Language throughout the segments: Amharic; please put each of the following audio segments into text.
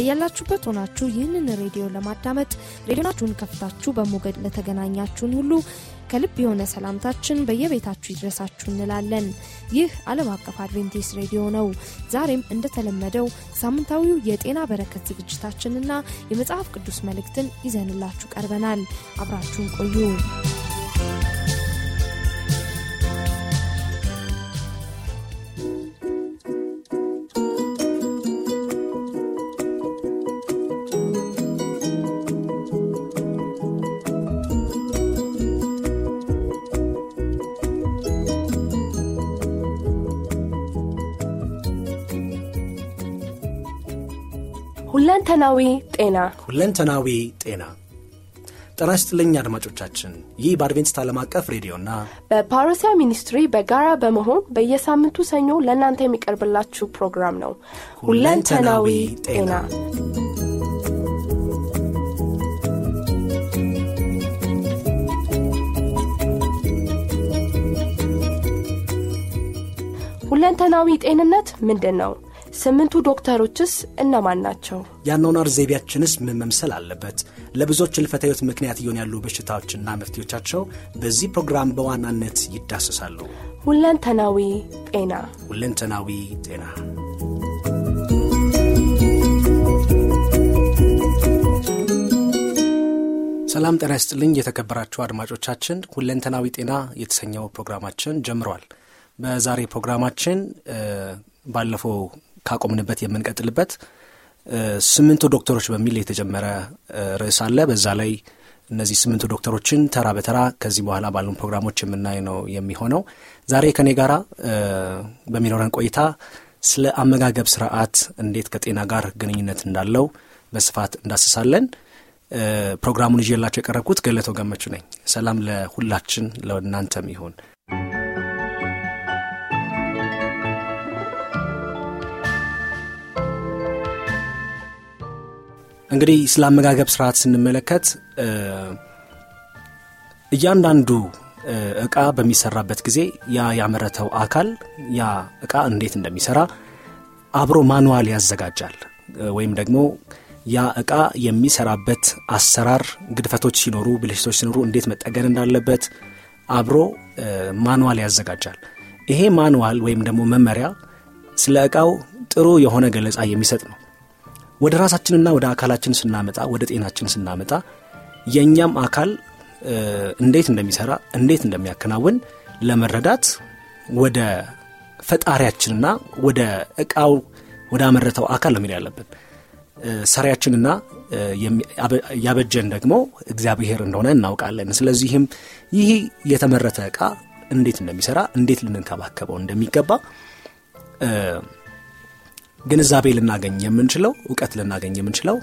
በያላችሁበት ሆናችሁ ይህንን ሬዲዮ ለማዳመጥ ሬዲዮናችሁን ከፍታችሁ በሞገድ ለተገናኛችሁን ሁሉ ከልብ የሆነ ሰላምታችን በየቤታችሁ ይድረሳችሁ እንላለን። ይህ ዓለም አቀፍ አድቬንቲስ ሬዲዮ ነው። ዛሬም እንደተለመደው ሳምንታዊው የጤና በረከት ዝግጅታችንና የመጽሐፍ ቅዱስ መልእክትን ይዘንላችሁ ቀርበናል። አብራችሁን ቆዩ። ሁለንተናዊ ጤና ሁለንተናዊ ጤና ጤና ይስጥልኝ አድማጮቻችን። ይህ በአድቬንስት ዓለም አቀፍ ሬዲዮና በፓሮሲያ ሚኒስትሪ በጋራ በመሆን በየሳምንቱ ሰኞ ለእናንተ የሚቀርብላችሁ ፕሮግራም ነው። ሁለንተናዊ ጤና ሁለንተናዊ ጤንነት ምንድን ነው? ስምንቱ ዶክተሮችስ እነማን ናቸው? የአኗኗር ዘይቤያችንስ ምን መምሰል አለበት? ለብዙዎች ሕልፈተ ሕይወት ምክንያት እየሆን ያሉ በሽታዎችና መፍትሄዎቻቸው በዚህ ፕሮግራም በዋናነት ይዳሰሳሉ። ሁለንተናዊ ጤና ሁለንተናዊ ጤና ሰላም ጤና ይስጥልኝ። የተከበራችሁ አድማጮቻችን ሁለንተናዊ ጤና የተሰኘው ፕሮግራማችን ጀምሯል። በዛሬ ፕሮግራማችን ባለፈው ካቆምንበት የምንቀጥልበት ስምንቱ ዶክተሮች በሚል የተጀመረ ርዕስ አለ። በዛ ላይ እነዚህ ስምንቱ ዶክተሮችን ተራ በተራ ከዚህ በኋላ ባሉን ፕሮግራሞች የምናይ ነው የሚሆነው። ዛሬ ከኔ ጋር በሚኖረን ቆይታ ስለ አመጋገብ ስርዓት እንዴት ከጤና ጋር ግንኙነት እንዳለው በስፋት እንዳስሳለን። ፕሮግራሙን ይዤላቸው የቀረብኩት ገለቶ ገመቹ ነኝ። ሰላም ለሁላችን ለእናንተም ይሁን። እንግዲህ ስለ አመጋገብ ስርዓት ስንመለከት እያንዳንዱ እቃ በሚሰራበት ጊዜ ያ ያመረተው አካል ያ እቃ እንዴት እንደሚሰራ አብሮ ማኑዋል ያዘጋጃል ወይም ደግሞ ያ እቃ የሚሰራበት አሰራር ግድፈቶች ሲኖሩ ብልሽቶች ሲኖሩ እንዴት መጠገን እንዳለበት አብሮ ማኑዋል ያዘጋጃል ይሄ ማኑዋል ወይም ደግሞ መመሪያ ስለ እቃው ጥሩ የሆነ ገለጻ የሚሰጥ ነው ወደ ራሳችንና ወደ አካላችን ስናመጣ ወደ ጤናችን ስናመጣ የእኛም አካል እንዴት እንደሚሰራ እንዴት እንደሚያከናውን ለመረዳት ወደ ፈጣሪያችንና ወደ እቃው ወደ አመረተው አካል ነው ያለብን። ሰሪያችንና ያበጀን ደግሞ እግዚአብሔር እንደሆነ እናውቃለን። ስለዚህም ይህ የተመረተ እቃ እንዴት እንደሚሰራ እንዴት ልንንከባከበው እንደሚገባ ግንዛቤ ልናገኝ የምንችለው እውቀት ልናገኝ የምንችለው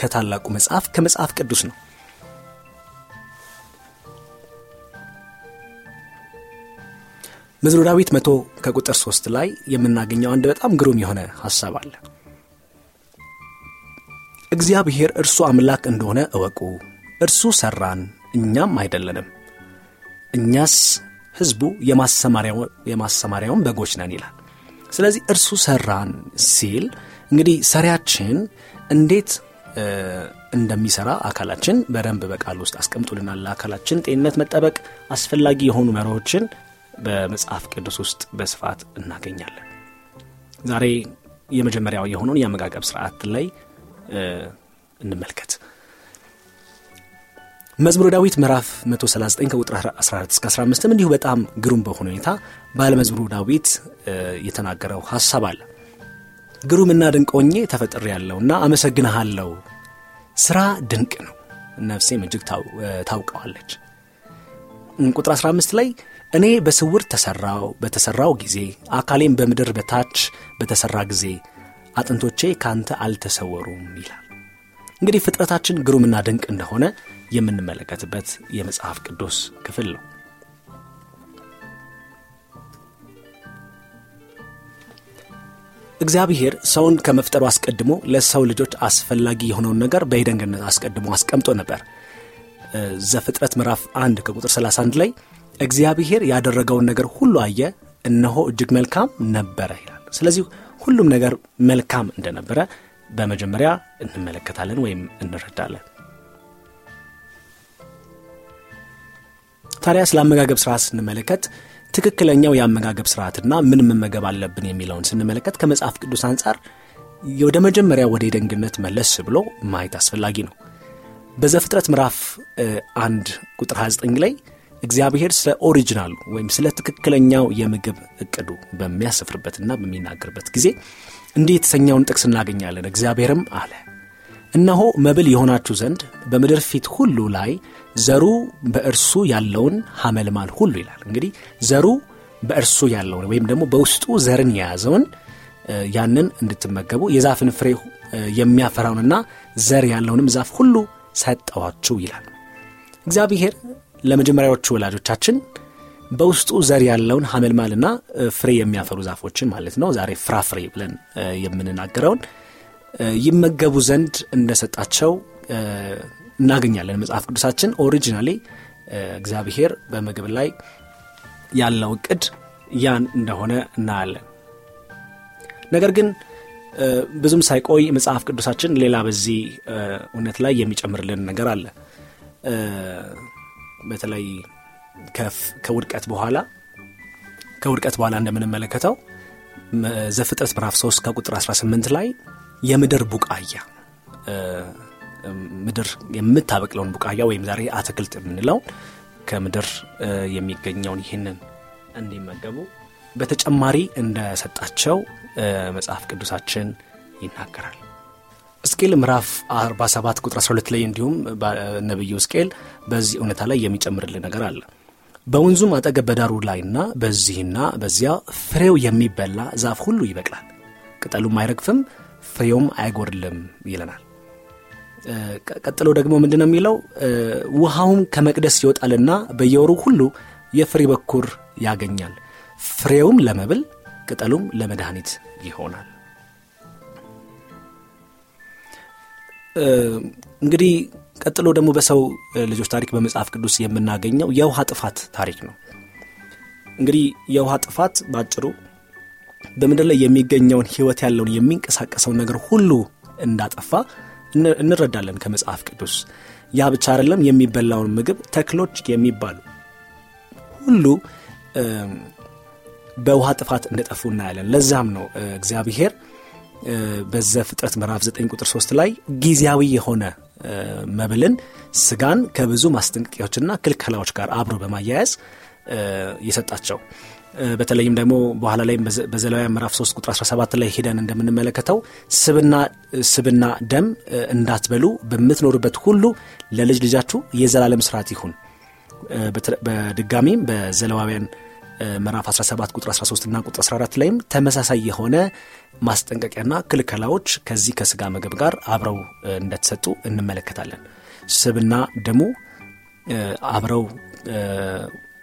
ከታላቁ መጽሐፍ ከመጽሐፍ ቅዱስ ነው። መዝሙረ ዳዊት መቶ ከቁጥር ሶስት ላይ የምናገኘው አንድ በጣም ግሩም የሆነ ሀሳብ አለ። እግዚአብሔር እርሱ አምላክ እንደሆነ እወቁ፣ እርሱ ሰራን፣ እኛም አይደለንም፣ እኛስ ሕዝቡ የማሰማሪያውን በጎች ነን ይላል። ስለዚህ እርሱ ሰራን ሲል እንግዲህ ሰሪያችን እንዴት እንደሚሰራ አካላችን በደንብ በቃል ውስጥ አስቀምጦልናል። ለአካላችን ጤንነት መጠበቅ አስፈላጊ የሆኑ መሪዎችን በመጽሐፍ ቅዱስ ውስጥ በስፋት እናገኛለን። ዛሬ የመጀመሪያው የሆነውን የአመጋገብ ስርዓት ላይ እንመልከት። መዝሙረ ዳዊት ምዕራፍ 139 ከቁጥር 14 እስከ 15 እንዲሁ በጣም ግሩም በሆነ ሁኔታ ባለመዝሙሩ ዳዊት የተናገረው ሐሳብ አለ። ግሩምና ድንቅ ተፈጥር ተፈጥሬ ያለውና አመሰግንሃለሁ። ስራ ድንቅ ነው፣ ነፍሴ እጅግ ታውቀዋለች። ቁጥር 15 ላይ እኔ በስውር ተሰራው በተሰራው ጊዜ አካሌም በምድር በታች በተሰራ ጊዜ አጥንቶቼ ካንተ አልተሰወሩም ይላል። እንግዲህ ፍጥረታችን ግሩምና ድንቅ እንደሆነ የምንመለከትበት የመጽሐፍ ቅዱስ ክፍል ነው። እግዚአብሔር ሰውን ከመፍጠሩ አስቀድሞ ለሰው ልጆች አስፈላጊ የሆነውን ነገር በሄደንገነት አስቀድሞ አስቀምጦ ነበር። ዘፍጥረት ምዕራፍ 1 ከቁጥር 31 ላይ እግዚአብሔር ያደረገውን ነገር ሁሉ አየ፣ እነሆ እጅግ መልካም ነበረ ይላል። ስለዚህ ሁሉም ነገር መልካም እንደነበረ በመጀመሪያ እንመለከታለን ወይም እንረዳለን። ታዲያ ስለ አመጋገብ ስርዓት ስንመለከት ትክክለኛው የአመጋገብ ስርዓትና ምን መመገብ አለብን የሚለውን ስንመለከት ከመጽሐፍ ቅዱስ አንጻር ወደ መጀመሪያ ወደ የደንግነት መለስ ብሎ ማየት አስፈላጊ ነው። በዘፍጥረት ምዕራፍ አንድ ቁጥር 29 ላይ እግዚአብሔር ስለ ኦሪጂናሉ ወይም ስለ ትክክለኛው የምግብ እቅዱ በሚያስፍርበትና በሚናገርበት ጊዜ እንዲህ የተሰኘውን ጥቅስ እናገኛለን። እግዚአብሔርም አለ እነሆ መብል የሆናችሁ ዘንድ በምድር ፊት ሁሉ ላይ ዘሩ በእርሱ ያለውን ሀመልማል ሁሉ ይላል። እንግዲህ ዘሩ በእርሱ ያለውን ወይም ደግሞ በውስጡ ዘርን የያዘውን ያንን እንድትመገቡ የዛፍን ፍሬ የሚያፈራውንና ዘር ያለውንም ዛፍ ሁሉ ሰጠዋችሁ ይላል። እግዚአብሔር ለመጀመሪያዎቹ ወላጆቻችን በውስጡ ዘር ያለውን ሀመልማልና ፍሬ የሚያፈሩ ዛፎችን ማለት ነው ዛሬ ፍራፍሬ ብለን የምንናገረውን ይመገቡ ዘንድ እንደሰጣቸው እናገኛለን። መጽሐፍ ቅዱሳችን ኦሪጂናሊ እግዚአብሔር በምግብ ላይ ያለው እቅድ ያን እንደሆነ እናያለን። ነገር ግን ብዙም ሳይቆይ መጽሐፍ ቅዱሳችን ሌላ በዚህ እውነት ላይ የሚጨምርልን ነገር አለ። በተለይ ከውድቀት በኋላ ከውድቀት በኋላ እንደምንመለከተው ዘፍጥረት ምራፍ 3 ከቁጥር 18 ላይ የምድር ቡቃያ ምድር የምታበቅለውን ቡቃያ ወይም ዛሬ አትክልት የምንለው ከምድር የሚገኘውን ይህንን እንዲመገቡ በተጨማሪ እንደሰጣቸው መጽሐፍ ቅዱሳችን ይናገራል። እስቄል ምዕራፍ 47 ቁጥር 12 ላይ እንዲሁም ነቢዩ እስቄል በዚህ እውነታ ላይ የሚጨምርልን ነገር አለ። በወንዙም አጠገብ በዳሩ ላይና በዚህና በዚያ ፍሬው የሚበላ ዛፍ ሁሉ ይበቅላል፣ ቅጠሉም አይረግፍም፣ ፍሬውም አይጎድልም ይለናል ቀጥሎ ደግሞ ምንድ ነው የሚለው ውሃውም ከመቅደስ ይወጣልና በየወሩ ሁሉ የፍሬ በኩር ያገኛል ፍሬውም ለመብል ቅጠሉም ለመድኃኒት ይሆናል እንግዲህ ቀጥሎ ደግሞ በሰው ልጆች ታሪክ በመጽሐፍ ቅዱስ የምናገኘው የውሃ ጥፋት ታሪክ ነው እንግዲህ የውሃ ጥፋት በአጭሩ በምድር ላይ የሚገኘውን ህይወት ያለውን የሚንቀሳቀሰውን ነገር ሁሉ እንዳጠፋ እንረዳለን ከመጽሐፍ ቅዱስ። ያ ብቻ አይደለም፣ የሚበላውን ምግብ ተክሎች የሚባሉ ሁሉ በውሃ ጥፋት እንደጠፉ እናያለን። ለዛም ነው እግዚአብሔር ፍጥረት ምዕራፍ 9 ቁጥር 3 ላይ ጊዜያዊ የሆነ መብልን ስጋን ከብዙ ማስጠንቀቂያዎችና ክልከላዎች ጋር አብሮ በማያያዝ የሰጣቸው በተለይም ደግሞ በኋላ ላይ በዘሌዋውያን ምዕራፍ 3 ቁጥር 17 ላይ ሄደን እንደምንመለከተው ስብና ስብና ደም እንዳትበሉ በምትኖሩበት ሁሉ ለልጅ ልጃችሁ የዘላለም ስርዓት ይሁን። በድጋሚም በዘለዋውያን ምዕራፍ 17 ቁጥር 13 እና ቁጥር 14 ላይም ተመሳሳይ የሆነ ማስጠንቀቂያና ክልከላዎች ከዚህ ከስጋ ምግብ ጋር አብረው እንደተሰጡ እንመለከታለን። ስብና ደሙ አብረው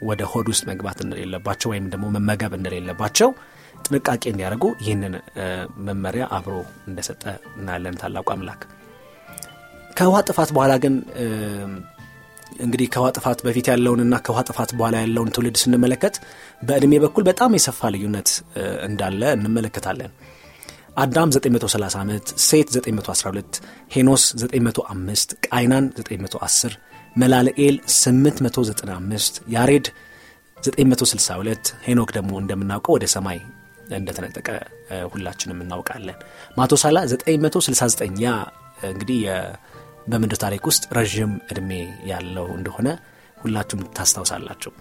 ወደ ሆድ ውስጥ መግባት እንደሌለባቸው ወይም ደግሞ መመገብ እንደሌለባቸው ጥንቃቄ እንዲያደርጉ ይህንን መመሪያ አብሮ እንደሰጠ እናያለን ታላቁ አምላክ ከውሃ ጥፋት በኋላ ግን እንግዲህ ከውሃ ጥፋት በፊት ያለውንና ከውሃ ጥፋት በኋላ ያለውን ትውልድ ስንመለከት በእድሜ በኩል በጣም የሰፋ ልዩነት እንዳለ እንመለከታለን አዳም 930 ዓመት ሴት 912 ሄኖስ 905 ቃይናን 910 መላልኤል 895 ያሬድ 962 ሄኖክ ደግሞ እንደምናውቀው ወደ ሰማይ እንደተነጠቀ ሁላችንም እናውቃለን። ማቶሳላ 969 ያ እንግዲህ በምድር ታሪክ ውስጥ ረዥም እድሜ ያለው እንደሆነ ሁላችሁም ታስታውሳላችሁ።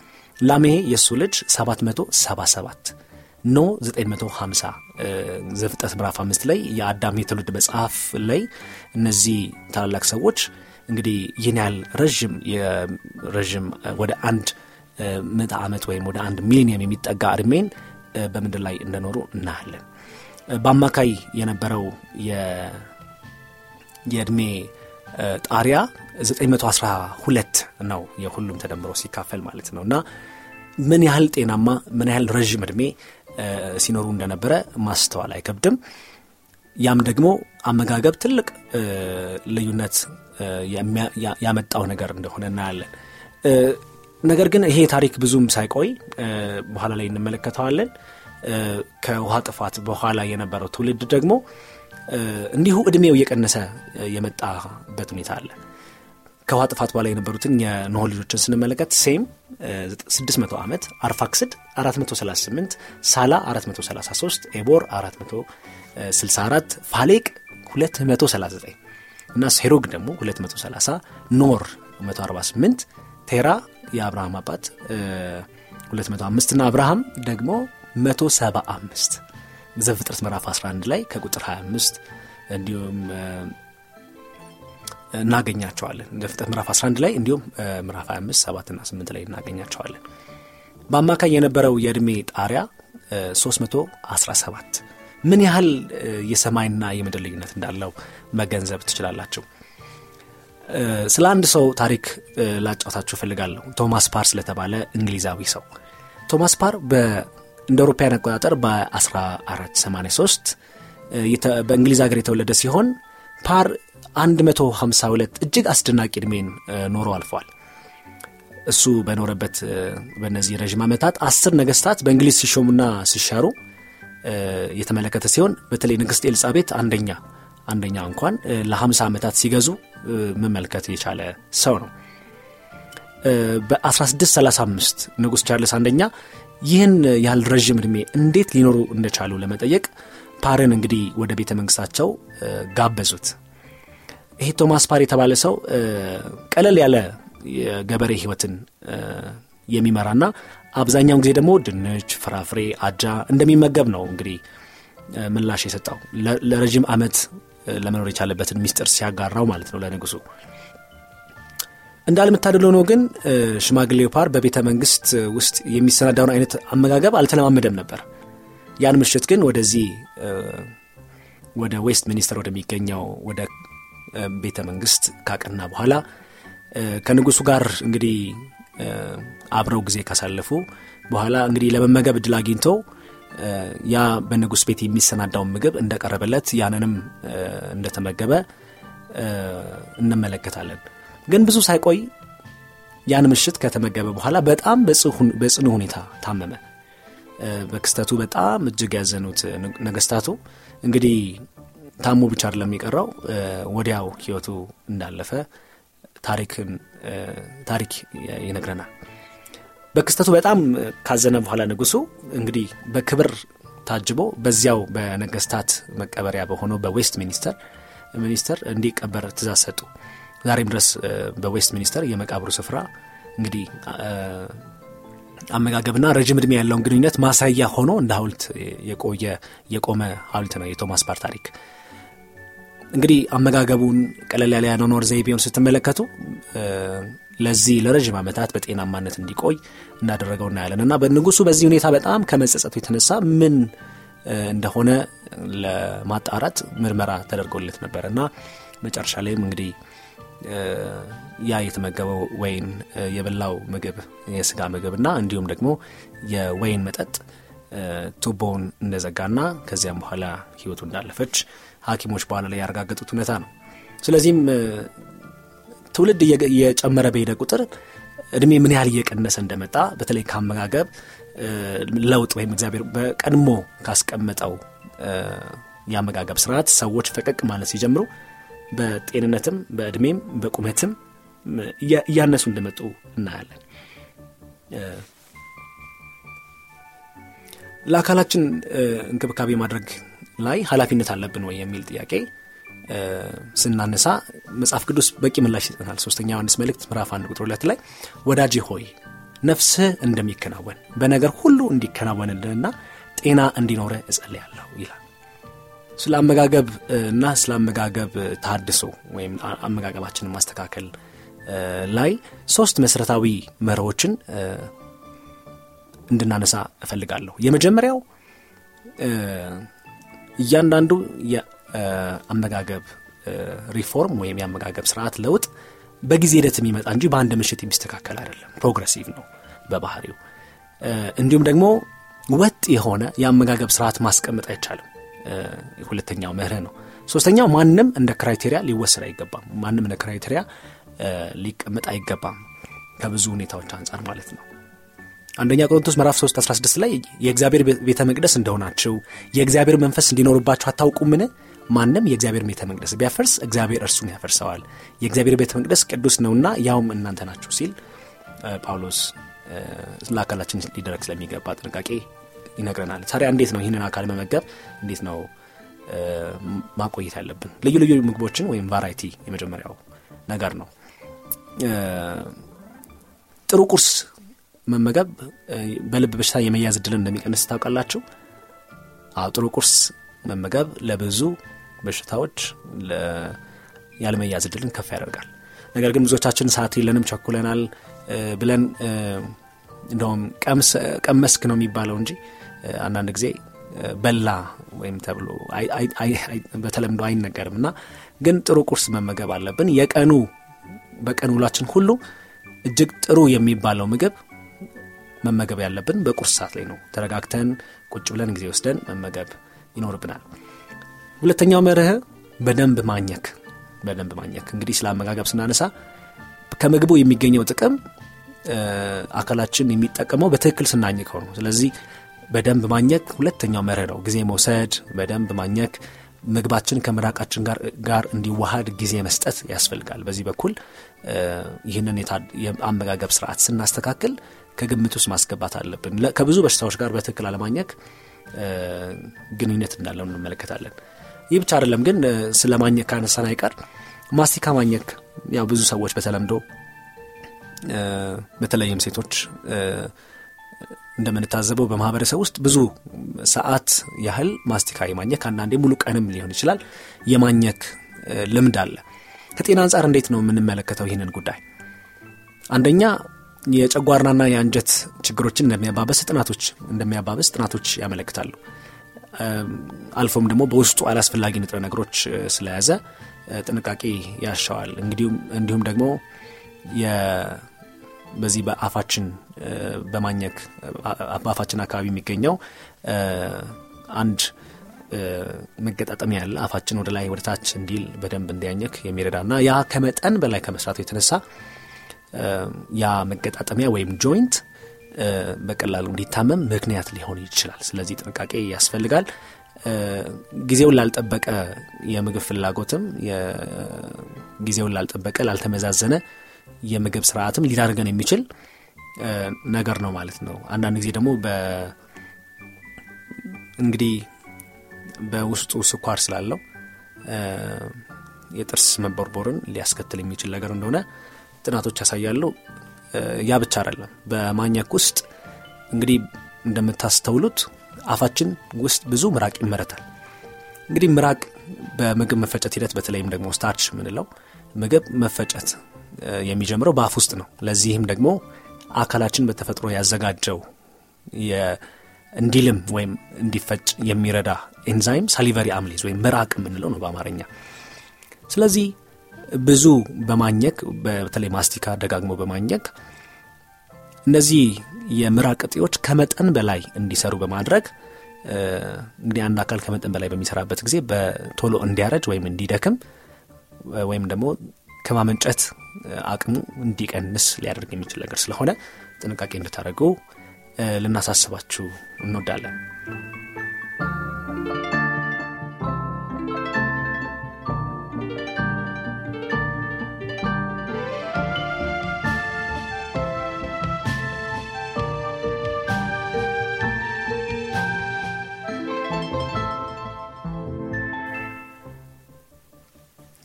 ላሜሄ የእሱ ልጅ 777 ኖ 950 ዘፍጠት ምራፍ 5 ላይ የአዳም የትውልድ መጽሐፍ ላይ እነዚህ ታላላቅ ሰዎች እንግዲህ ይህን ያህል ረዥም የረዥም ወደ አንድ ምዕተ ዓመት ወይም ወደ አንድ ሚሊኒየም የሚጠጋ እድሜን በምድር ላይ እንደኖሩ እናያለን በአማካይ የነበረው የእድሜ ጣሪያ 912 ነው የሁሉም ተደምሮ ሲካፈል ማለት ነው እና ምን ያህል ጤናማ ምን ያህል ረዥም እድሜ ሲኖሩ እንደነበረ ማስተዋል አይከብድም ያም ደግሞ አመጋገብ ትልቅ ልዩነት ያመጣው ነገር እንደሆነ እናያለን። ነገር ግን ይሄ ታሪክ ብዙም ሳይቆይ በኋላ ላይ እንመለከተዋለን። ከውሃ ጥፋት በኋላ የነበረው ትውልድ ደግሞ እንዲሁ እድሜው እየቀነሰ የመጣበት ሁኔታ አለ። ከውሃ ጥፋት በኋላ የነበሩትን የኖሆ ልጆችን ስንመለከት ሴም 600 ዓመት፣ አርፋክስድ 438፣ ሳላ 433፣ ኤቦር 64 ፋሌቅ 239 እና ሴሮግ ደግሞ 230 ኖር 148 ቴራ የአብርሃም አባት 205 እና አብርሃም ደግሞ 175 ዘፍጥረት ምዕራፍ 11 ላይ ከቁጥር 25 እንዲሁም እናገኛቸዋለን ዘፍጥረት ምዕራፍ 11 ላይ እንዲሁም ምዕራፍ 25 7 እና 8 ላይ እናገኛቸዋለን በአማካኝ የነበረው የእድሜ ጣሪያ 317 ምን ያህል የሰማይና የምድር ልዩነት እንዳለው መገንዘብ ትችላላችሁ። ስለ አንድ ሰው ታሪክ ላጫውታችሁ እፈልጋለሁ። ቶማስ ፓር ስለተባለ እንግሊዛዊ ሰው ቶማስ ፓር እንደ አውሮፓውያን አቆጣጠር በ1483 በእንግሊዝ ሀገር የተወለደ ሲሆን ፓር 152 እጅግ አስደናቂ እድሜን ኖሮ አልፏል። እሱ በኖረበት በነዚህ ረዥም ዓመታት አስር ነገስታት በእንግሊዝ ሲሾሙና ሲሻሩ የተመለከተ ሲሆን በተለይ ንግስት ኤልጻቤት አንደኛ አንደኛ እንኳን ለ50 ዓመታት ሲገዙ መመልከት የቻለ ሰው ነው በ1635 ንጉሥ ቻርልስ አንደኛ ይህን ያህል ረዥም ዕድሜ እንዴት ሊኖሩ እንደቻሉ ለመጠየቅ ፓርን እንግዲህ ወደ ቤተ መንግሥታቸው ጋበዙት ይሄ ቶማስ ፓር የተባለ ሰው ቀለል ያለ የገበሬ ህይወትን የሚመራና አብዛኛውን ጊዜ ደግሞ ድንች፣ ፍራፍሬ፣ አጃ እንደሚመገብ ነው እንግዲህ ምላሽ የሰጠው ለረዥም ዓመት ለመኖር የቻለበትን ሚስጥር ሲያጋራው ማለት ነው ለንጉሱ። እንዳለመታደል ሆኖ ግን ሽማግሌው ፓር በቤተ መንግስት ውስጥ የሚሰናዳውን አይነት አመጋገብ አልተለማመደም ነበር። ያን ምሽት ግን ወደዚህ ወደ ዌስት ሚኒስተር ወደሚገኘው ወደ ቤተ መንግስት ካቀና በኋላ ከንጉሱ ጋር እንግዲህ አብረው ጊዜ ካሳለፉ በኋላ እንግዲህ ለመመገብ እድል አግኝተው ያ በንጉስ ቤት የሚሰናዳውን ምግብ እንደቀረበለት ያንንም እንደተመገበ እንመለከታለን። ግን ብዙ ሳይቆይ ያን ምሽት ከተመገበ በኋላ በጣም በጽኑ ሁኔታ ታመመ። በክስተቱ በጣም እጅግ ያዘኑት ነገስታቱ እንግዲህ ታሞ ብቻ አይደለም የቀረው፣ ወዲያው ህይወቱ እንዳለፈ ታሪክን ታሪክ ይነግረናል። በክስተቱ በጣም ካዘነ በኋላ ንጉሱ እንግዲህ በክብር ታጅቦ በዚያው በነገስታት መቀበሪያ በሆነው በዌስት ሚኒስተር ሚኒስተር እንዲቀበር ትእዛዝ ሰጡ። ዛሬም ድረስ በዌስት ሚኒስተር የመቃብሩ ስፍራ እንግዲህ አመጋገብና ረጅም እድሜ ያለውን ግንኙነት ማሳያ ሆኖ እንደ ሀውልት የቆየ የቆመ ሀውልት ነው የቶማስ ባር ታሪክ። እንግዲህ አመጋገቡን ቀለል ያለ ያኗኗር ዘይቤውን ስትመለከቱ ለዚህ ለረዥም ዓመታት በጤናማነት እንዲቆይ እናደረገው እናያለን እና በንጉሱ በዚህ ሁኔታ በጣም ከመጸጸቱ የተነሳ ምን እንደሆነ ለማጣራት ምርመራ ተደርጎለት ነበር እና መጨረሻ ላይም እንግዲህ ያ የተመገበው ወይን የበላው ምግብ የስጋ ምግብ እና እንዲሁም ደግሞ የወይን መጠጥ ቱቦውን እንደዘጋና ከዚያም በኋላ ህይወቱ እንዳለፈች ሀኪሞች በኋላ ላይ ያረጋገጡት ሁኔታ ነው። ስለዚህም ትውልድ እየጨመረ በሄደ ቁጥር እድሜ ምን ያህል እየቀነሰ እንደመጣ በተለይ ከአመጋገብ ለውጥ ወይም እግዚአብሔር በቀድሞ ካስቀመጠው የአመጋገብ ስርዓት ሰዎች ፈቀቅ ማለት ሲጀምሩ በጤንነትም በእድሜም በቁመትም እያነሱ እንደመጡ እናያለን። ለአካላችን እንክብካቤ ማድረግ ላይ ኃላፊነት አለብን ወይ የሚል ጥያቄ ስናነሳ መጽሐፍ ቅዱስ በቂ ምላሽ ይጠናል ሶስተኛ ዮሐንስ መልእክት ምዕራፍ አንድ ቁጥር ሁለት ላይ ወዳጅ ሆይ ነፍስህ እንደሚከናወን በነገር ሁሉ እንዲከናወንልንና ጤና እንዲኖረ እጸልያለሁ ይላል። ስለ አመጋገብ እና ስለ አመጋገብ ታድሶ ወይም አመጋገባችንን ማስተካከል ላይ ሶስት መሰረታዊ መርሆችን እንድናነሳ እፈልጋለሁ። የመጀመሪያው እያንዳንዱ የአመጋገብ ሪፎርም ወይም የአመጋገብ ስርዓት ለውጥ በጊዜ ሂደት የሚመጣ እንጂ በአንድ ምሽት የሚስተካከል አይደለም። ፕሮግረሲቭ ነው በባህሪው። እንዲሁም ደግሞ ወጥ የሆነ የአመጋገብ ስርዓት ማስቀመጥ አይቻልም። ሁለተኛው ምህር ነው። ሶስተኛው ማንም እንደ ክራይቴሪያ ሊወሰድ አይገባም። ማንም እንደ ክራይቴሪያ ሊቀመጥ አይገባም ከብዙ ሁኔታዎች አንጻር ማለት ነው። አንደኛ ቆሮንቶስ መራፍ 3 16 ላይ የእግዚአብሔር ቤተ መቅደስ እንደሆናችሁ የእግዚአብሔር መንፈስ እንዲኖርባችሁ አታውቁምን? ማንም የእግዚአብሔር ቤተ መቅደስ ቢያፈርስ እግዚአብሔር እርሱን ያፈርሰዋል። የእግዚአብሔር ቤተ መቅደስ ቅዱስ ነውና ያውም እናንተ ናችሁ ሲል ጳውሎስ ለአካላችን ሊደረግ ስለሚገባ ጥንቃቄ ይነግረናል። ታዲያ እንዴት ነው ይህንን አካል መመገብ እንዴት ነው ማቆየት ያለብን? ልዩ ልዩ ምግቦችን ወይም ቫራይቲ የመጀመሪያው ነገር ነው። ጥሩ ቁርስ መመገብ በልብ በሽታ የመያዝ ድል እንደሚቀንስ ታውቃላችሁ ጥሩ ቁርስ መመገብ ለብዙ በሽታዎች ያለመያዝ ድልን ከፍ ያደርጋል ነገር ግን ብዙዎቻችን ሰዓት የለንም ቸኩለናል ብለን እንደውም ቀመስክ ነው የሚባለው እንጂ አንዳንድ ጊዜ በላ ወይም ተብሎ በተለምዶ አይነገርም እና ግን ጥሩ ቁርስ መመገብ አለብን የቀኑ በቀን ሁሉ እጅግ ጥሩ የሚባለው ምግብ መመገብ ያለብን በቁርስ ሰዓት ላይ ነው። ተረጋግተን ቁጭ ብለን ጊዜ ወስደን መመገብ ይኖርብናል። ሁለተኛው መርህ በደንብ ማኘክ፣ በደንብ ማኘክ። እንግዲህ ስለ አመጋገብ ስናነሳ ከምግቡ የሚገኘው ጥቅም አካላችን የሚጠቀመው በትክክል ስናኝከው ነው። ስለዚህ በደንብ ማኘክ ሁለተኛው መርህ ነው። ጊዜ መውሰድ፣ በደንብ ማኘክ፣ ምግባችን ከምራቃችን ጋር እንዲዋሃድ ጊዜ መስጠት ያስፈልጋል። በዚህ በኩል ይህንን አመጋገብ ስርዓት ስናስተካክል ከግምት ውስጥ ማስገባት አለብን ከብዙ በሽታዎች ጋር በትክክል አለማኘክ ግንኙነት እንዳለው እንመለከታለን ይህ ብቻ አይደለም ግን ስለ ማኘክ ካነሳን አይቀር ማስቲካ ማኘክ ያው ብዙ ሰዎች በተለምዶ በተለይም ሴቶች እንደምንታዘበው በማህበረሰብ ውስጥ ብዙ ሰዓት ያህል ማስቲካ የማኘክ አንዳንዴ ሙሉ ቀንም ሊሆን ይችላል የማኘክ ልምድ አለ ከጤና አንጻር እንዴት ነው የምንመለከተው ይህንን ጉዳይ አንደኛ የጨጓራና የአንጀት ችግሮችን እንደሚያባበስ ጥናቶች እንደሚያባበስ ጥናቶች ያመለክታሉ። አልፎም ደግሞ በውስጡ አላስፈላጊ ንጥረ ነገሮች ስለያዘ ጥንቃቄ ያሻዋል። እንዲሁም ደግሞ በዚህ በአፋችን በማኘክ በአፋችን አካባቢ የሚገኘው አንድ መገጣጠሚያ ያለ አፋችን ወደ ላይ ወደታች እንዲል በደንብ እንዲያኘክ ና ያ ከመጠን በላይ ከመስራቱ የተነሳ ያ መገጣጠሚያ ወይም ጆይንት በቀላሉ እንዲታመም ምክንያት ሊሆን ይችላል። ስለዚህ ጥንቃቄ ያስፈልጋል። ጊዜውን ላልጠበቀ የምግብ ፍላጎትም ጊዜውን ላልጠበቀ ላልተመዛዘነ የምግብ ስርዓትም ሊዳርገን የሚችል ነገር ነው ማለት ነው። አንዳንድ ጊዜ ደግሞ እንግዲህ በውስጡ ስኳር ስላለው የጥርስ መቦርቦርን ሊያስከትል የሚችል ነገር እንደሆነ ጥናቶች ያሳያሉ። ያ ብቻ አይደለም። በማኛክ ውስጥ እንግዲህ እንደምታስተውሉት አፋችን ውስጥ ብዙ ምራቅ ይመረታል። እንግዲህ ምራቅ በምግብ መፈጨት ሂደት በተለይም ደግሞ ስታርች የምንለው ምግብ መፈጨት የሚጀምረው በአፍ ውስጥ ነው። ለዚህም ደግሞ አካላችን በተፈጥሮ ያዘጋጀው እንዲልም ወይም እንዲፈጭ የሚረዳ ኤንዛይም ሳሊቨሪ አምሊዝ ወይም ምራቅ የምንለው ነው በአማርኛ። ስለዚህ ብዙ በማኘክ በተለይ ማስቲካ ደጋግሞ በማኘክ እነዚህ የምራቅ እጢዎች ከመጠን በላይ እንዲሰሩ በማድረግ እንግዲህ አንድ አካል ከመጠን በላይ በሚሰራበት ጊዜ በቶሎ እንዲያረጅ ወይም እንዲደክም ወይም ደግሞ ከማመንጨት አቅሙ እንዲቀንስ ሊያደርግ የሚችል ነገር ስለሆነ ጥንቃቄ እንድታደርጉ ልናሳስባችሁ እንወዳለን።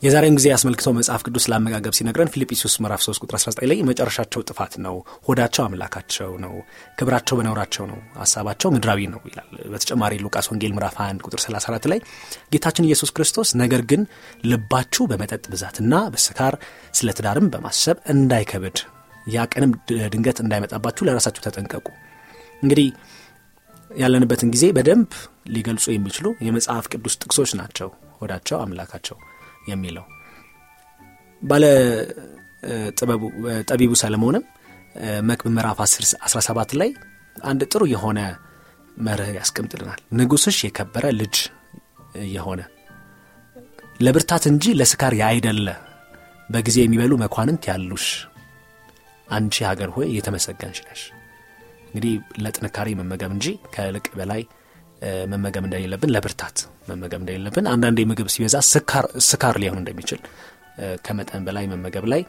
የዛሬውን ጊዜ አስመልክቶ መጽሐፍ ቅዱስ ለአመጋገብ ሲነግረን ፊልጵስዩስ ምዕራፍ 3 ቁጥር 19 ላይ መጨረሻቸው ጥፋት ነው፣ ሆዳቸው አምላካቸው ነው፣ ክብራቸው በነውራቸው ነው፣ ሀሳባቸው ምድራዊ ነው ይላል። በተጨማሪ ሉቃስ ወንጌል ምዕራፍ 1 ቁጥር 34 ላይ ጌታችን ኢየሱስ ክርስቶስ ነገር ግን ልባችሁ በመጠጥ ብዛትና በስካር ስለ ትዳርም በማሰብ እንዳይከብድ ያ ቀንም ድንገት እንዳይመጣባችሁ ለራሳችሁ ተጠንቀቁ። እንግዲህ ያለንበትን ጊዜ በደንብ ሊገልጹ የሚችሉ የመጽሐፍ ቅዱስ ጥቅሶች ናቸው። ሆዳቸው አምላካቸው የሚለው ባለ ጠቢቡ ሰለሞንም መክብ ምዕራፍ 17 ላይ አንድ ጥሩ የሆነ መርህ ያስቀምጥልናል። ንጉስሽ የከበረ ልጅ የሆነ ለብርታት እንጂ ለስካር ያይደለ በጊዜ የሚበሉ መኳንንት ያሉሽ አንቺ ሀገር ሆይ የተመሰገንሽ ነሽ። እንግዲህ ለጥንካሬ መመገብ እንጂ ከልቅ በላይ መመገብ እንደሌለብን ለብርታት መመገብ እንደሌለብን አንዳንዴ ምግብ ሲበዛ ስካር ሊሆን እንደሚችል ከመጠን በላይ መመገብ ላይ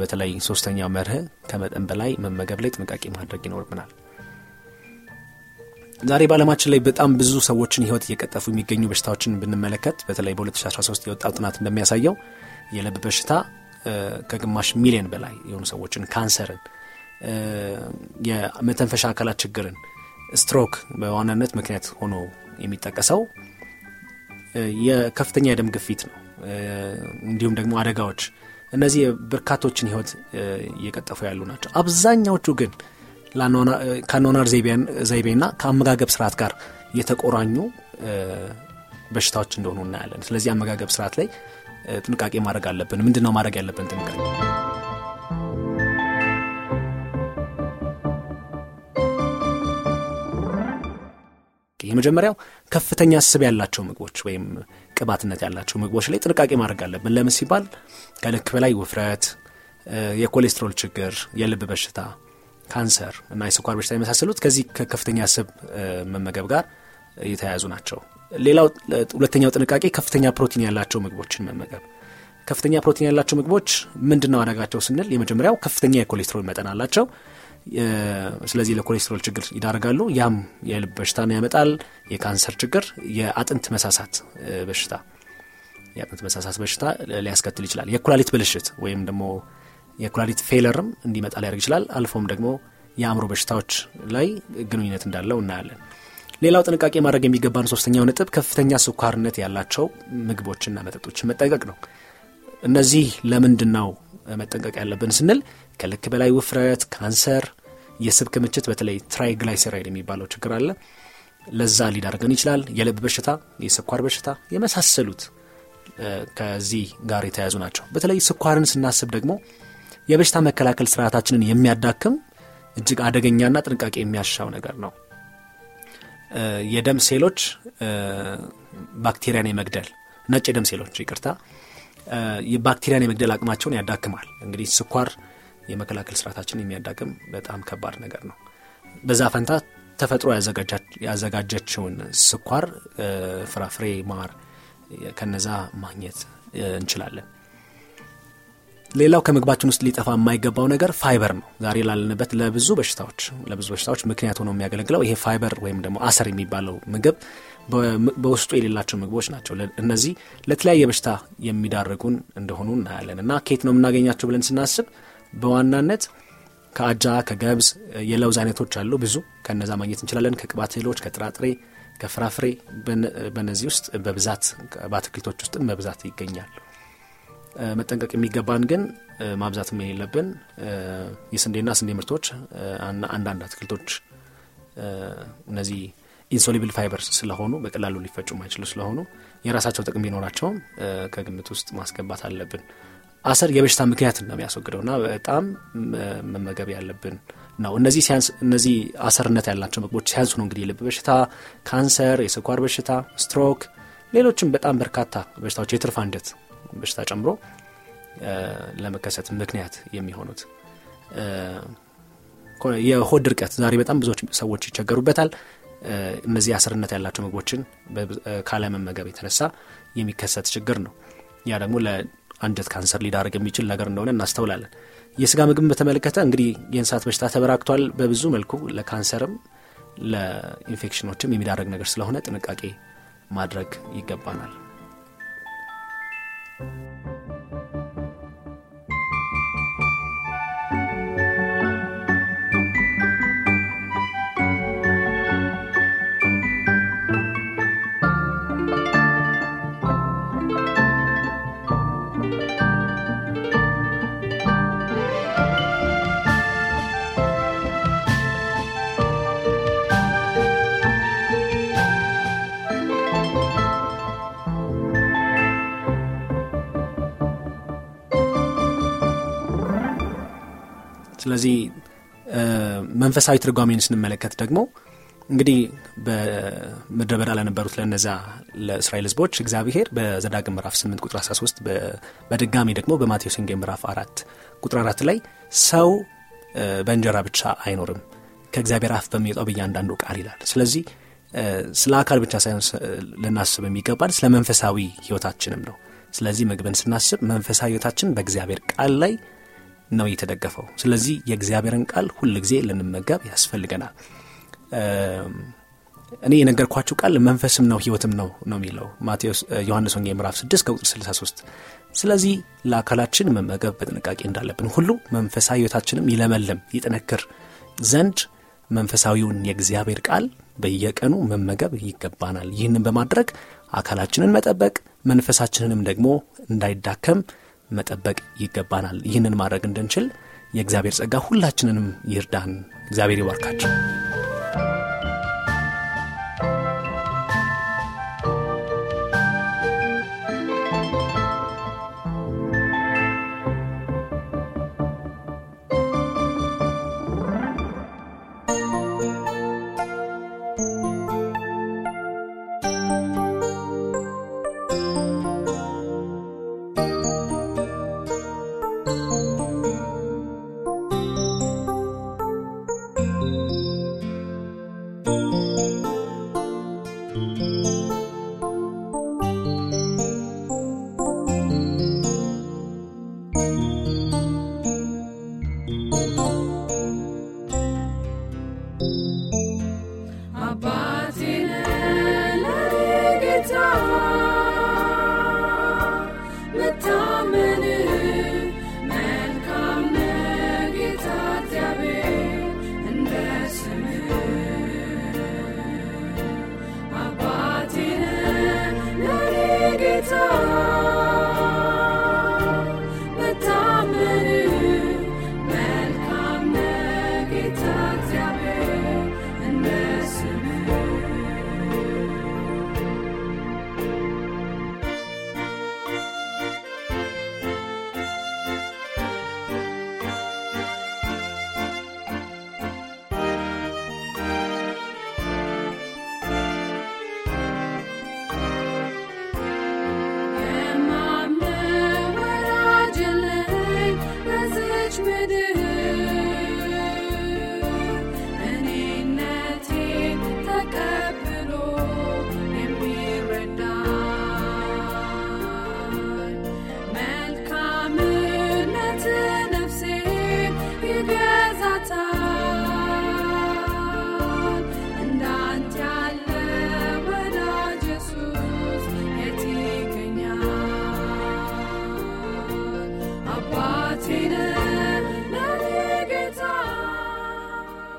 በተለይ ሶስተኛው መርህ ከመጠን በላይ መመገብ ላይ ጥንቃቄ ማድረግ ይኖርብናል ዛሬ በዓለማችን ላይ በጣም ብዙ ሰዎችን ህይወት እየቀጠፉ የሚገኙ በሽታዎችን ብንመለከት በተለይ በ2013 የወጣው ጥናት እንደሚያሳየው የልብ በሽታ ከግማሽ ሚሊዮን በላይ የሆኑ ሰዎችን ካንሰርን የመተንፈሻ አካላት ችግርን ስትሮክ በዋናነት ምክንያት ሆኖ የሚጠቀሰው የከፍተኛ የደም ግፊት ነው። እንዲሁም ደግሞ አደጋዎች፣ እነዚህ በርካቶችን ህይወት እየቀጠፉ ያሉ ናቸው። አብዛኛዎቹ ግን ዘይቤ ዘይቤና ከአመጋገብ ስርዓት ጋር የተቆራኙ በሽታዎች እንደሆኑ እናያለን። ስለዚህ አመጋገብ ስርዓት ላይ ጥንቃቄ ማድረግ አለብን። ምንድነው ማድረግ ያለብን ጥንቃቄ? የመጀመሪያው ከፍተኛ ስብ ያላቸው ምግቦች ወይም ቅባትነት ያላቸው ምግቦች ላይ ጥንቃቄ ማድረግ አለብን። ለምን ሲባል ከልክ በላይ ውፍረት፣ የኮሌስትሮል ችግር፣ የልብ በሽታ፣ ካንሰር እና የስኳር በሽታ የመሳሰሉት ከዚህ ከከፍተኛ ስብ መመገብ ጋር የተያያዙ ናቸው። ሌላው ሁለተኛው ጥንቃቄ ከፍተኛ ፕሮቲን ያላቸው ምግቦችን መመገብ። ከፍተኛ ፕሮቲን ያላቸው ምግቦች ምንድነው አደጋቸው ስንል የመጀመሪያው ከፍተኛ የኮሌስትሮል መጠን አላቸው። ስለዚህ ለኮሌስትሮል ችግር ይዳርጋሉ ያም የልብ በሽታን ያመጣል የካንሰር ችግር የአጥንት መሳሳት በሽታ የአጥንት መሳሳት በሽታ ሊያስከትል ይችላል የኩላሊት ብልሽት ወይም ደግሞ የኩላሊት ፌለርም እንዲመጣ ሊያደርግ ይችላል አልፎም ደግሞ የአእምሮ በሽታዎች ላይ ግንኙነት እንዳለው እናያለን ሌላው ጥንቃቄ ማድረግ የሚገባን ሶስተኛው ነጥብ ከፍተኛ ስኳርነት ያላቸው ምግቦችና መጠጦች መጠንቀቅ ነው እነዚህ ለምንድን ነው መጠንቀቅ ያለብን ስንል ከልክ በላይ ውፍረት ካንሰር የስብ ክምችት በተለይ ትራይግላይሰራይድ የሚባለው ችግር አለ። ለዛ ሊዳርገን ይችላል። የልብ በሽታ፣ የስኳር በሽታ የመሳሰሉት ከዚህ ጋር የተያያዙ ናቸው። በተለይ ስኳርን ስናስብ ደግሞ የበሽታ መከላከል ስርዓታችንን የሚያዳክም እጅግ አደገኛና ጥንቃቄ የሚያሻው ነገር ነው። የደም ሴሎች ባክቴሪያን የመግደል ነጭ የደም ሴሎች ይቅርታ፣ ባክቴሪያን የመግደል አቅማቸውን ያዳክማል። እንግዲህ ስኳር የመከላከል ስርዓታችን የሚያዳግም በጣም ከባድ ነገር ነው። በዛ ፈንታ ተፈጥሮ ያዘጋጀችውን ስኳር፣ ፍራፍሬ፣ ማር ከነዛ ማግኘት እንችላለን። ሌላው ከምግባችን ውስጥ ሊጠፋ የማይገባው ነገር ፋይበር ነው። ዛሬ ላለንበት ለብዙ በሽታዎች ለብዙ በሽታዎች ምክንያት ሆኖ የሚያገለግለው ይሄ ፋይበር ወይም ደግሞ አሰር የሚባለው ምግብ በውስጡ የሌላቸው ምግቦች ናቸው። እነዚህ ለተለያየ በሽታ የሚዳርጉን እንደሆኑ እናያለን እና ኬት ነው የምናገኛቸው ብለን ስናስብ በዋናነት ከአጃ ከገብስ የለውዝ አይነቶች አሉ ብዙ ከነዛ ማግኘት እንችላለን ከቅባት እህሎች ከጥራጥሬ ከፍራፍሬ በነዚህ ውስጥ በብዛት በአትክልቶች ውስጥም በብዛት ይገኛል መጠንቀቅ የሚገባን ግን ማብዛት የሌለብን የስንዴና ስንዴ ምርቶች አንዳንድ አትክልቶች እነዚህ ኢንሶሊብል ፋይበር ስለሆኑ በቀላሉ ሊፈጩ ማይችሉ ስለሆኑ የራሳቸው ጥቅም ቢኖራቸውም ከግምት ውስጥ ማስገባት አለብን አሰር የበሽታ ምክንያት ነው የሚያስወግደው እና በጣም መመገብ ያለብን ነው። እነዚህ እነዚህ አሰርነት ያላቸው ምግቦች ሲያንሱ ነው እንግዲህ የልብ በሽታ፣ ካንሰር፣ የስኳር በሽታ፣ ስትሮክ፣ ሌሎችም በጣም በርካታ በሽታዎች የትርፍ አንደት በሽታ ጨምሮ ለመከሰት ምክንያት የሚሆኑት። የሆድ ድርቀት ዛሬ በጣም ብዙዎች ሰዎች ይቸገሩበታል። እነዚህ አሰርነት ያላቸው ምግቦችን ካለመመገብ የተነሳ የሚከሰት ችግር ነው። ያ ደግሞ አንጀት ካንሰር ሊዳረግ የሚችል ነገር እንደሆነ እናስተውላለን። የስጋ ምግብን በተመለከተ እንግዲህ የእንስሳት በሽታ ተበራክቷል። በብዙ መልኩ ለካንሰርም ለኢንፌክሽኖችም የሚዳረግ ነገር ስለሆነ ጥንቃቄ ማድረግ ይገባናል። ስለዚህ መንፈሳዊ ትርጓሜን ስንመለከት ደግሞ እንግዲህ በምድረ በዳ ለነበሩት ለነዛ ለእስራኤል ህዝቦች እግዚአብሔር በዘዳግ ምዕራፍ 8 ቁጥር 13 በድጋሚ ደግሞ በማቴዎስ ንጌ ምዕራፍ 4 ቁጥር 4 ላይ ሰው በእንጀራ ብቻ አይኖርም ከእግዚአብሔር አፍ በሚወጣው በእያንዳንዱ ቃል ይላል ስለዚህ ስለ አካል ብቻ ሳይሆን ልናስብ የሚገባል ስለ መንፈሳዊ ህይወታችንም ነው ስለዚህ ምግብን ስናስብ መንፈሳዊ ህይወታችን በእግዚአብሔር ቃል ላይ ነው የተደገፈው። ስለዚህ የእግዚአብሔርን ቃል ሁል ጊዜ ልንመገብ ያስፈልገናል። እኔ የነገርኳችሁ ቃል መንፈስም ነው ህይወትም ነው ነው የሚለው ማቴዎስ ዮሐንስ ወንጌ ምዕራፍ 6 ከቁጥር 63። ስለዚህ ለአካላችን መመገብ በጥንቃቄ እንዳለብን ሁሉ መንፈሳዊ ህይወታችንም ይለመልም ይጠነክር ዘንድ መንፈሳዊውን የእግዚአብሔር ቃል በየቀኑ መመገብ ይገባናል። ይህንን በማድረግ አካላችንን መጠበቅ መንፈሳችንንም ደግሞ እንዳይዳከም መጠበቅ ይገባናል ይህንን ማድረግ እንድንችል የእግዚአብሔር ጸጋ ሁላችንንም ይርዳን እግዚአብሔር ይባርካቸው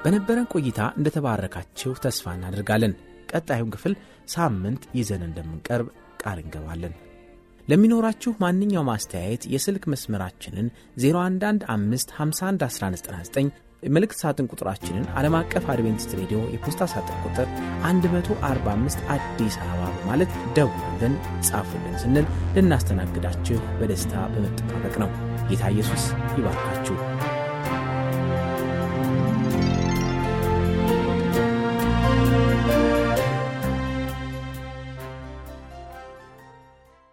በነበረን ቆይታ እንደተባረካችው ተስፋ እናደርጋለን። ቀጣዩን ክፍል ሳምንት ይዘን እንደምንቀርብ ቃል እንገባለን። ለሚኖራችሁ ማንኛውም ማስተያየት የስልክ መስመራችንን 011 መልእክት ሳጥን ቁጥራችንን ዓለም አቀፍ አድቬንቲስት ሬዲዮ የፖስታ ሳጥን ቁጥር 145 አዲስ አበባ በማለት ደውሉልን፣ ጻፉልን ስንል ልናስተናግዳችሁ በደስታ በመጠባበቅ ነው። ጌታ ኢየሱስ ይባርካችሁ።